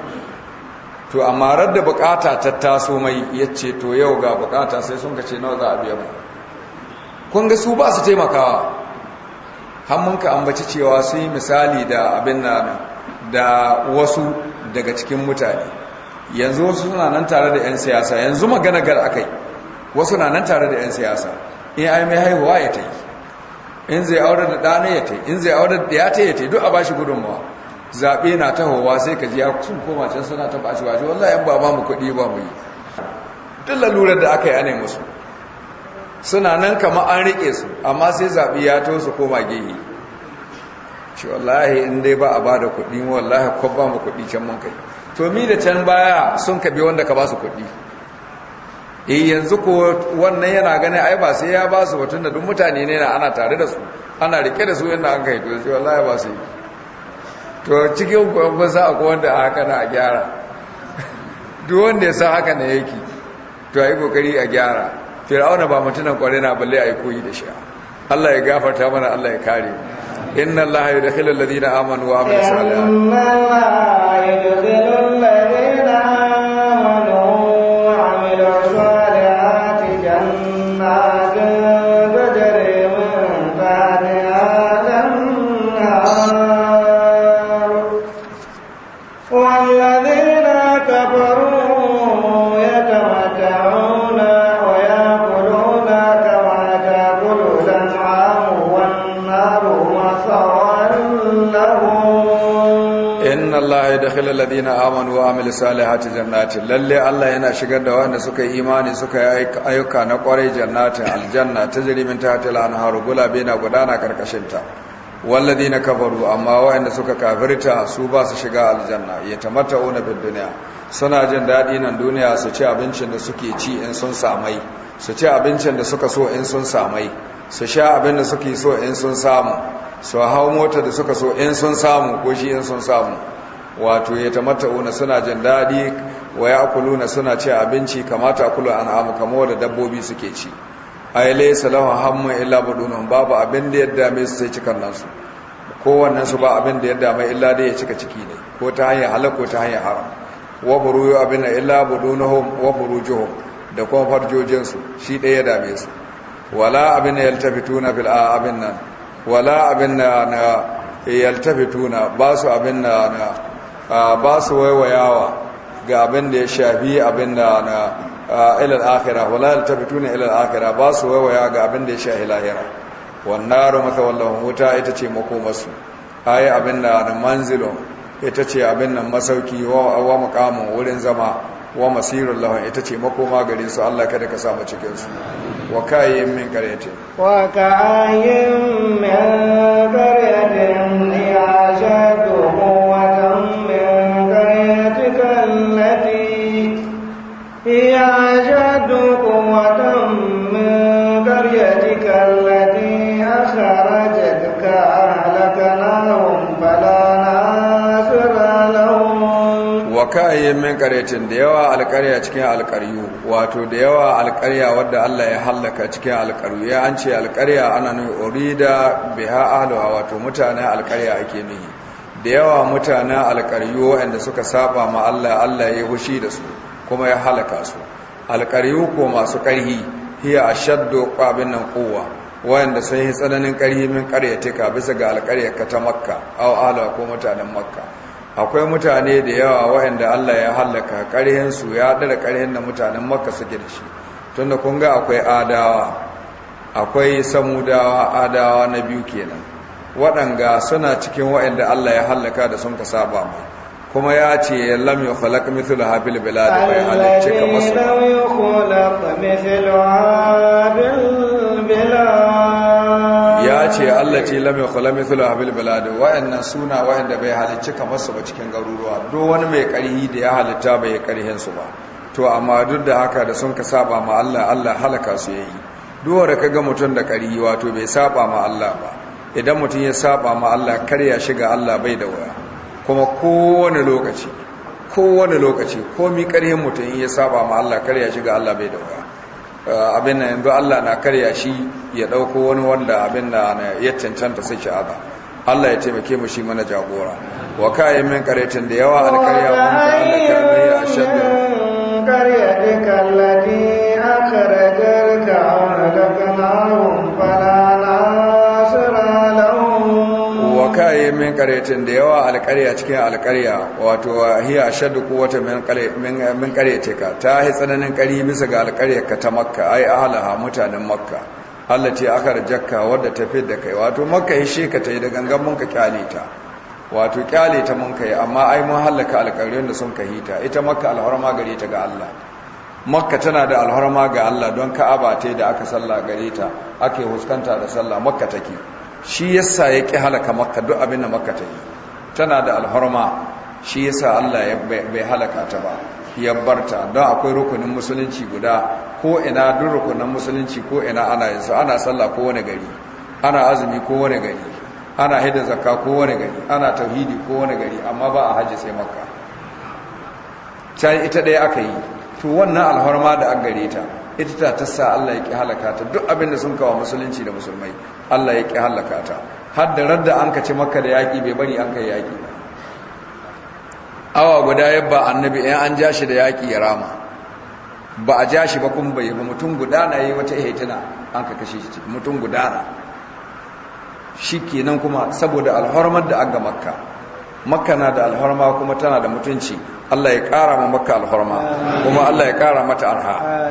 Speaker 1: to amma radda bukata ta taso mai yace to yau ga bukata sai sun kace nawa za a biya mu kun ga su ba su taimakawa ka ambaci cewa sai yi misali da abin na da wasu daga cikin mutane yanzu wasu suna nan tare da 'yan siyasa yanzu magana gar yi. wasu na nan tare da 'yan siyasa in ai mai haihuwa ya ta yi in zai aure da ɗana ya ta yi in zai aure da ya ta yi ta yi duk a ba shi gudunmawa zaɓe na ta hauwa sai ka ji ya sun koma can suna ta bashi bashi wallah yan ba mu kuɗi ba mu yi duk lalurar da aka yi ana musu suna nan kama an riƙe su amma sai zaɓi ya to su koma gehe shi wallahi in dai ba a ba da kuɗi wallahi ko ba mu kuɗi can mun kai to mi da can baya sun kabe wanda ka ba su kuɗi E, yanzu ko wannan yana gane ai ba sai ya ba su batun da duk mutane ne na ana tare da su ana rike da su yadda an kai to sai wallahi ba su yi to cikin ku ba sa akwai wanda a haka na a gyara duk wanda ya sa haka na yake to yi kokari a gyara fir'auna ba mutunan kware na balle yi koyi da shi Allah ya gafarta mana Allah ya kare mu إن الله يدخل الذين آمنوا وعملوا الصالحات إن
Speaker 2: الله يدخل الذين
Speaker 1: yudkhilul ladina amanu wa amilus salihati jannatin lalle Allah yana shigar da wanda suka yi imani suka yi ayyuka na kwarai jannatin aljanna tajri min tahtiha al-anharu gulabe na gudana karkashin ta ladina kafaru amma wanda suka kafirta su ba su shiga aljanna yatamatta'una bid dunya suna jin dadi nan duniya su ci abincin da suke ci in sun samai su ci abincin da suka so in sun samai su sha abin da suke so in sun samu su hau mota da suka so in sun samu ko shi in sun samu wato ya una suna jin daɗi wa na suna ce abinci kamata an amu kamo da dabbobi suke ci A yi lai salama hamma illa budunan babu abin da yadda mai su sai cikar nan su kowannen su ba abin da yadda mai illa da ya cika ciki ne ko ta hanyar halal ko ta hanyar haram wa yi abin illa budunan wa burujuhum da kuma farjojin su shi ɗaya da mai su wala abin da yaltafituna fil abin nan wala abin da yaltafituna ba su abin da ba su waiwayawa ga abin da ya shafi abin da na ilal akhirah wala ne ilal akira ba su waiwaya ga abin da ya shafi lahira wannaru maka wallahu wuta ita ce masu. ayi abin da na Manzilo, ita ce abin nan masauki wa makamun wurin zama wa masirin lahun ita ce makoma gare su Allah kada ka samu cikinsu wa kayan min
Speaker 2: wa kayan min karyatin
Speaker 1: kayaye min karyacin da yawa alkarya cikin alkaryu wato da yawa alkarya wadda Allah ya hallaka cikin alkaryu ya an ce alkarya ana nuna orida biha ahluha wato mutanen alkarya ake nuhi da yawa mutanen alkaryu wanda suka saba ma Allah Allah ya hushi da su kuma ya halaka su alkaryu ko masu karhi hiya ashaddu qabin nan quwwa wanda sun yi tsananin karhi min karyatika bisa ga alkaryar ka ta makka aw ahluha ko mutanen makka akwai mutane da yawa waɗanda Allah ya hallaka ƙarhinsu ya ɗara ƙarhin da mutanen makka suke da shi tun da kun akwai adawa akwai samudawa adawa na biyu kenan waɗanga suna cikin waɗanda Allah ya hallaka da sun ka saba mai kuma ya ce lam yi khalaq mithlu habil bilad bai halarci ka masu. ce Allah ce lamai yakhla mithlu abil balad wa'annan suna wa'anda bai halicci kamar su ba cikin garuruwa do wani mai karhi da ya halitta bai karihin su ba to amma duk da haka da sun ka saba ma Allah Allah halaka su yayi duwar ka kaga mutun da karihi wato bai saba ma Allah ba idan mutun ya saba ma Allah karya shiga Allah bai da waya kuma kowane lokaci kowane lokaci komi karihin mutun ya saba ma Allah karya shiga Allah bai da waya Eh, abin nan yanzu Allah na karya shi ya dauko wani wanda abin da ya cancanta sai sha'aba Allah ya taimake mu shi mana jagora wa kayan min karetin da yawa alkarya wanda Allah ka mai a shaddar karya
Speaker 2: wa
Speaker 1: qaryatin da yawa alqarya cikin alqarya wato hiya ashaddu quwwatan min qaryatin min ka, ta hi tsananin kari bisa ga ka ta makka ai ahlaha mutanen makka allati akharjakka wadda ta fi da kai wato makka ka ta yi da gangan mun ka wato kyale ta mun kai amma ai mun halaka alqaryun da sun kahita ita makka alharma gare ta ga Allah makka tana da alharma ga Allah don ka abate da aka salla gare ta ake huskanta da sallah makka take shi yasa ya ƙi halaka makka duk abin da makka ta yi tana da alhorma shi yasa allah ya bai halaka ta ba ya barta don akwai rukunin musulunci guda ko ina duk rukunin musulunci ko ina ana yin su ana sallah ko wani gari ana azumi ko wani gari ana hidda zakka ko wani gari ana tauhidi ko wani gari amma ba a hajji sai makka can ita ɗaya aka yi to wannan alhorma da an gare ta ita ta tassa Allah ya ki halaka duk abin da sun kawo musulunci da musulmai Allah ya ki halaka ta har da radda an kace makka da yaki bai bari an kai yaki awa guda yabba annabi in an ja shi da yaki ya rama ba a ja shi ba kun bai ba mutum guda na yi wata ihtina an ka kashe shi mutum guda na kenan kuma saboda alhormar da an ga makka makka na da alhorma kuma tana da mutunci Allah ya ƙara ma makka alhorma kuma Allah ya ƙara mata arha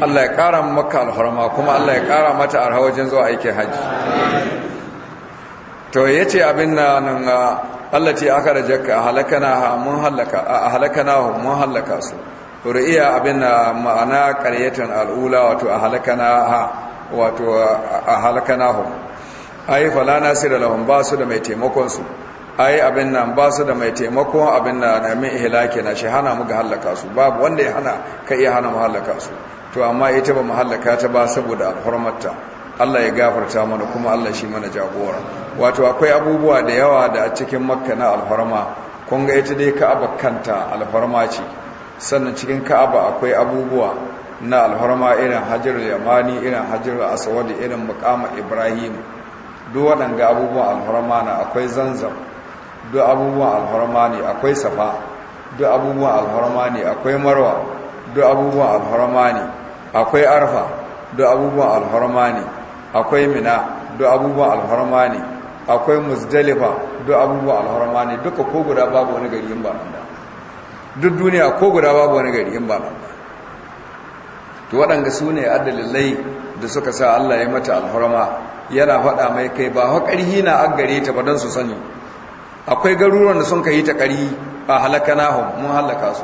Speaker 1: Allah ya kara ma makka alhorma kuma Allah ya ƙara mata arha wajen zuwa aikin haji. to ya ce abin na nan Allah ce aka da jakka halakana mun halaka halakana mun halaka su ru'iya abin na ma'ana qaryatan al'ula wato a halakana ha wato a halakana hum ai fala sirra lahum ba su da mai taimakon su ai abin nan ba su da mai taimako abin da na min ihlaki na shi hana mu ga halaka su babu wanda ya hana ka iya hana mu halaka su to amma ita ba mu halaka ta ba saboda hurmarta Allah ya gafarta mana kuma Allah shi mana jagora wato akwai abubuwa da yawa da a cikin makka na alfarma kun ga ita dai ka'aba kanta alfarma ce sannan cikin ka'aba akwai abubuwa na alfarma irin hajjarul yamani irin hajjarul aswad irin muqama ibrahim duk waɗanga abubuwan alfarma na akwai zanzam duk abubuwan alfarma ne akwai safa duk abubuwan alfarma ne akwai marwa duk abubuwan alfarma ne akwai arfa duk abubuwan alfarma ne akwai mina duk abubuwan alfarma ne akwai musdalifa duk abubuwan alfarma ne duka ko guda babu wani gari in ba nan duk duniya ko guda babu wani gari in ba nan to waɗanda su ne adalilai da suka sa Allah ya mata alfarma yana faɗa mai kai ba haƙarhi na aggare ta ba don su sani akwai garuruwan da sun ka yi ta ƙari a halakanahum mun halaka su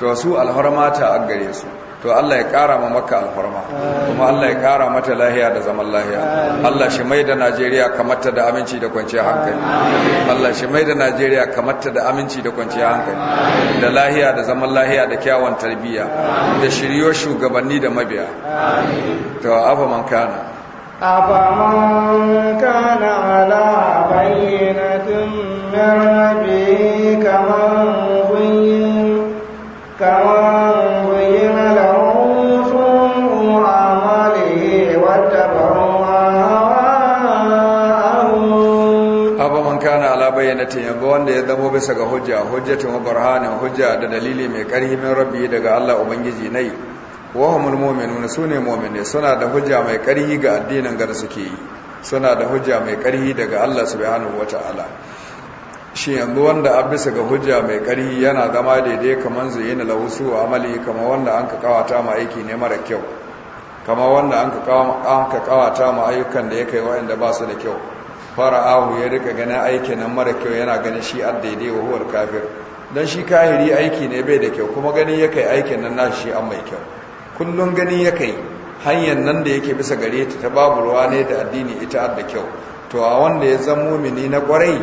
Speaker 1: to su alhorma ta an gare su to Allah ya kara ma maka alhorma kuma Allah ya kara mata lahiya da zaman lahiya Allah shi mai da Najeriya kamata da aminci da kwanciyar hankali Allah shi mai da Najeriya kamata da aminci da kwanciyar hankali da lahiya da zaman lahiya da kyawun tarbiyya da shiryo shugabanni da mabiya to afa man kana
Speaker 2: afa man kana ala bayyana
Speaker 1: wanda ya zamo bisa ga hujja hujjatun burhanin hujja da dalili mai ƙarfi min rabbi daga Allah ubangiji nai wa humul mu'minuna sune mu'mine suna da hujja mai ƙarfi ga addinin ga suke yi suna da hujja mai ƙarhi daga Allah subhanahu wata'ala shi yanzu wanda a bisa ga hujja mai ƙarhi yana zama daidai kamar zuyina lausu wa amali kama wanda an ka kawata ma aiki ne mara kyau kama wanda an ka kawata ma ayyukan da ya kai wa'anda ba su da kyau fara'ahu ya rika ganin aiki nan mara kyau yana gani shi a daidai wa huwar kafir don shi kahiri aiki ne bai da kyau kuma gani ya kai aikin nan na shi an mai kyau kullum gani ya kai hanyar nan da yake bisa gare ta ta babu ruwa ne da addini ita da kyau to a wanda ya zama mumini na kwarai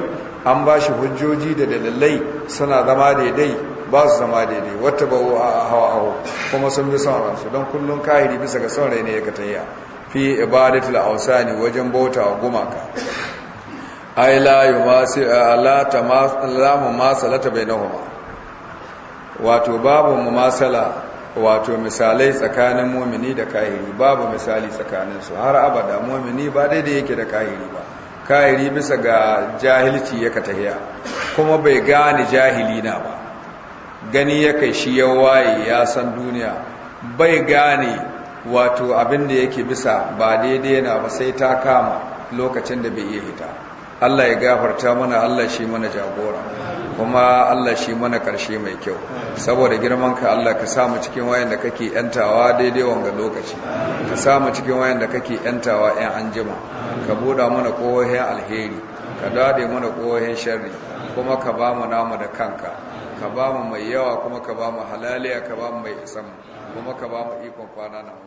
Speaker 1: an ba shi hujjoji da dalilai suna zama daidai ba su zama daidai wata ba a hawa hawa kuma sun bi son ransu don kullum kahiri bisa ga son rai ne ya katayya fi ibadatul awsani wajen bauta wa gumaka ai la yumasi la tamas la mumasalata bainahuma wato babu mumasala wato misalai tsakanin mumini da kahiri babu misali tsakanin su har abada mumini ba daidai yake da kahiri ba kahiri bisa ga jahilci ya katahiya kuma bai gane jahili na ba gani ya kai shi ya waye ya san duniya bai gane wato abin da yake bisa ba daidai na ba sai ta kama lokacin da bai iya hita Allah ya gafarta mana Allah shi mana jagora kuma Allah shi mana karshe mai kyau saboda girman ka Allah ka samu cikin wayan da kake yantawa daidai wanga lokaci ka samu cikin wayan da kake yantawa yan anjima ka buɗa mana kohohin alheri ka dade mana kohohin sharri kuma ka ba mu namu da kanka ka ba mu mai yawa kuma ka ba mu halaliya ka ba mu mai isan kuma ka ba mu ikon kwana na